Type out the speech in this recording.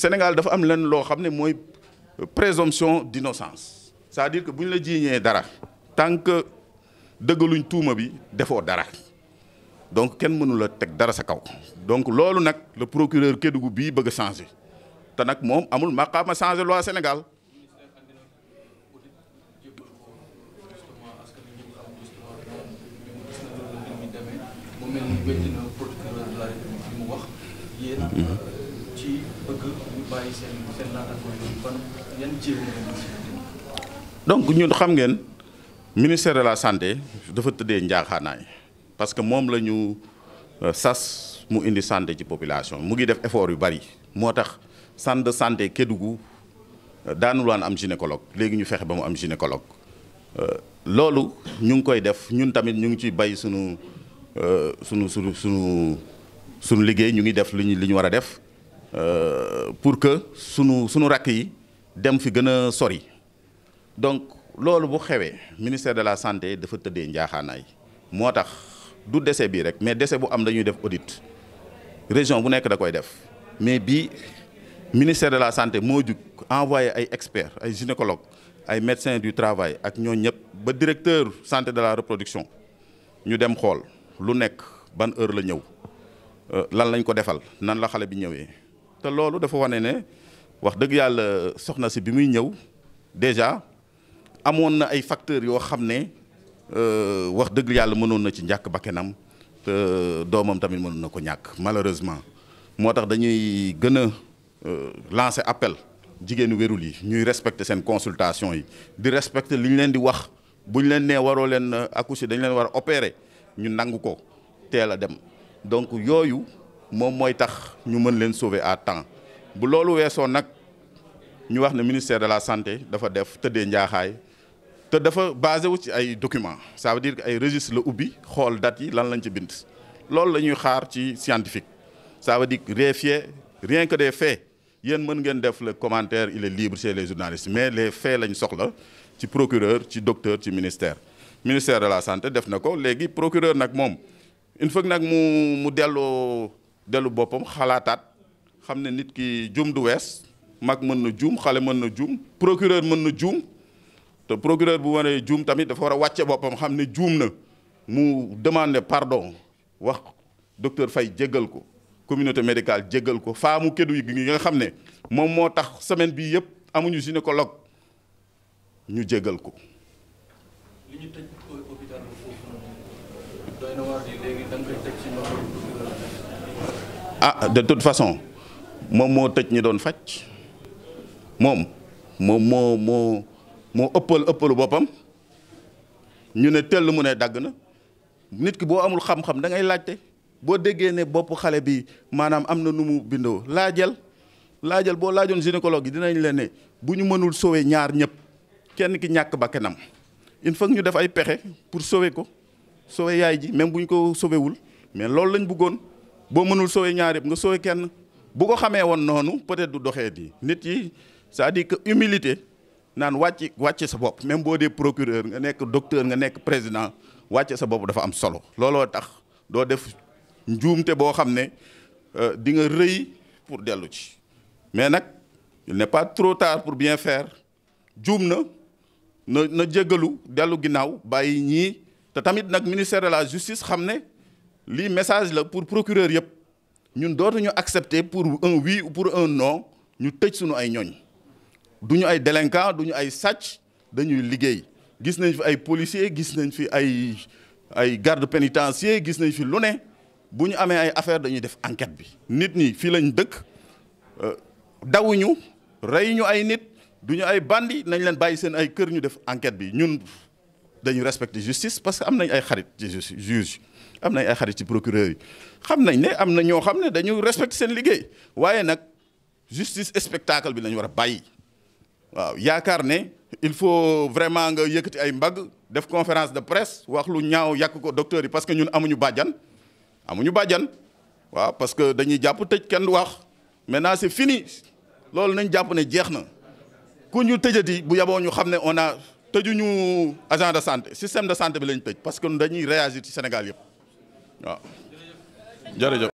Sénégal dafa am lenn loo xam ne mooy présomption d'innocence c'est-à-dire que bu ñu la jiiñee dara tant que dëggaluñ tuuma bi defoo dara donc kenn mënula teg dara sa kaw donc loolu nag le procureur Kédougou bii bëgg changé te nag moom amul maqaama changer loi Sénégal mu mel ci bëgg ñu donc ñun xam ngeen ministère de la santé dafa tëddee njaaxaanaay parce que moom la ñu euh, sas mu indi santé ci population mu ngi def effort yu bari moo tax centre de santé Kédougou euh, daanulaan am gynécologue léegi ñu fexe ba mu am gynécologue euh, loolu ñu ngi koy def ñun tamit ñu ngi ciy bay sunu sunu sunu sunu sunu liggéey ñu ngi def li ñu li ñu war a def Euh, pour que sunu sunu rakk yi dem fi gën a sori donc loolu bu xewee ministère de la santé dafa tëddee njaaxaanaay moo tax du décès bii rek mais décès bu am dañuy def audit région bu nekk da koy def mais bii ministère de la santé moo jug envoyé ay experts ay gynécologues ay médecins du travail ak ñoo ñëpp ba directeur santé de la reproduction ñu dem xool lu nekk ban heure la ñëw euh, lan lañ ko defal nan la xale bi ñëwee. te loolu dafa wane ne wax dëgg yàlla soxna si bi muy ñëw déjà amoon na ay facteurs yoo xam ne euh, wax dëgg yàlla mënoon na ci njàkk bakkenam te euh, doomam tamit mënoon na ko ñàkk malheureusement moo tax dañuy gën a euh, lancer appel jigéenu wérul yi ñuy respecter seen consultation yi di respecter li ñu leen di wax bu ñu leen nee waroo leen accoucher dañu leen war a opérer ñu nangu ko teel a dem donc yooyu moom mooy tax ñu mën leen sauver à temps bu loolu weesoo nag ñu wax ne ministère de la santé dafa def tëddee njaaxaay te dafa basé wu ci ay document ça veut dire que ay registre la ubbi xool date yi lan lañ ci bind loolu la ñuy xaar ci scientifique ça veut dire réfier rien que des faits yéen mën ngeen def le commentaire il est libre chez les journalistes mais les faits lañ soxla ci procureur ci docteur ci ministère ministère de la santé def na ko léegi procureur nag moom il nag mu mu delloo dellu boppam xalaataat xam ne nit ki jum du wees mag mën na juum xale mën na jum procureur mën na juum te procureur bu waree jum tamit dafa war a wàcce boppam xam ne jum na mu demander pardon wax docteur Faye jéggal ko communauté médicale jéggal ko faamu keddu yi gi nga xam ne moom moo tax semaine bii yëpp amuñu gynécologue ñu jéggal ko. li ñu tëj hôpital ah de toute façon moom moo tëj ñi doon faj moom moom moo moo moo ëppal ëppalu boppam ñu ne tell mu ne dagg na nit ki boo amul xam-xam da laajte boo déggee ne bopp xale bi maanaam am na nu mu bindoo laajal laajal boo laajoon gynécologue yi dinañ leen ne bu ñu mënul sauver ñaar ñëpp kenn ki ñàkk bakkanam il faut ñu def ay pexe pour sauver ko sauver yaay ji même bu ñu ko sauver wul mais loolu lañ buggoon boo mënul sooy ñaar bi nga sooy kenn bu ko xamee woon noonu peut du doxee di nit yi cest di dire que humilité naan wàcc wàcc sa bopp même boo dee procureur nga nekk docteur nga nekk président wàcc sa bopp dafa am solo. looloo tax doo def njuumte boo xam ne euh, di nga rëy pour dellu ci mais nag ne n'est pas trop tard pour bien fair juum na na na jéggalu dellu ginnaaw bàyyi ñii te tamit nag ministère de la justice xam ne. lii message la pour procureur yëpp ñun dootuñu accepter pour un oui pour un non ñu tëj suñu ay ñooñ duñu ay délinquant duñu ay sacc dañuy liggéey gis nañ fi ay policier gis nañ fi ay ay garde pénitentiaire gis nañ fi lu ne bu ñu amee ay affaire dañuy def enquête bi nit ñi fii lañ dëkk euh, dawuñu ñu ay nit duñu ay bandi nañ leen bàyyi seen ay kër ñu def enquête bi ñun dañu respecter justice parce que am nañ ay xarit ci juge am nañ ay xarit ci procureur yi xam nañ ne am na ñoo xam ne dañu respecter seen liggéey waaye nag justice spectacle bi lañu war a bàyyi waaw yaakaar ne il faut vraiment nga yëkkati ay mbagg def conférence de presse wax lu ñaaw yàq ko docteur yi parce que ñun amuñu bàjjan amuñu bàjjan waaw parce que dañuy jàpp tëj kenn wax maintenant c'est fini loolu nañ jàpp ne jeex na ku ñu tëjati bu yaboo ñu xam ne on a tëjuñu agent de santé système de santé bi lañ tëj parce que dañuy réagir ci Sénégal yëpp waaw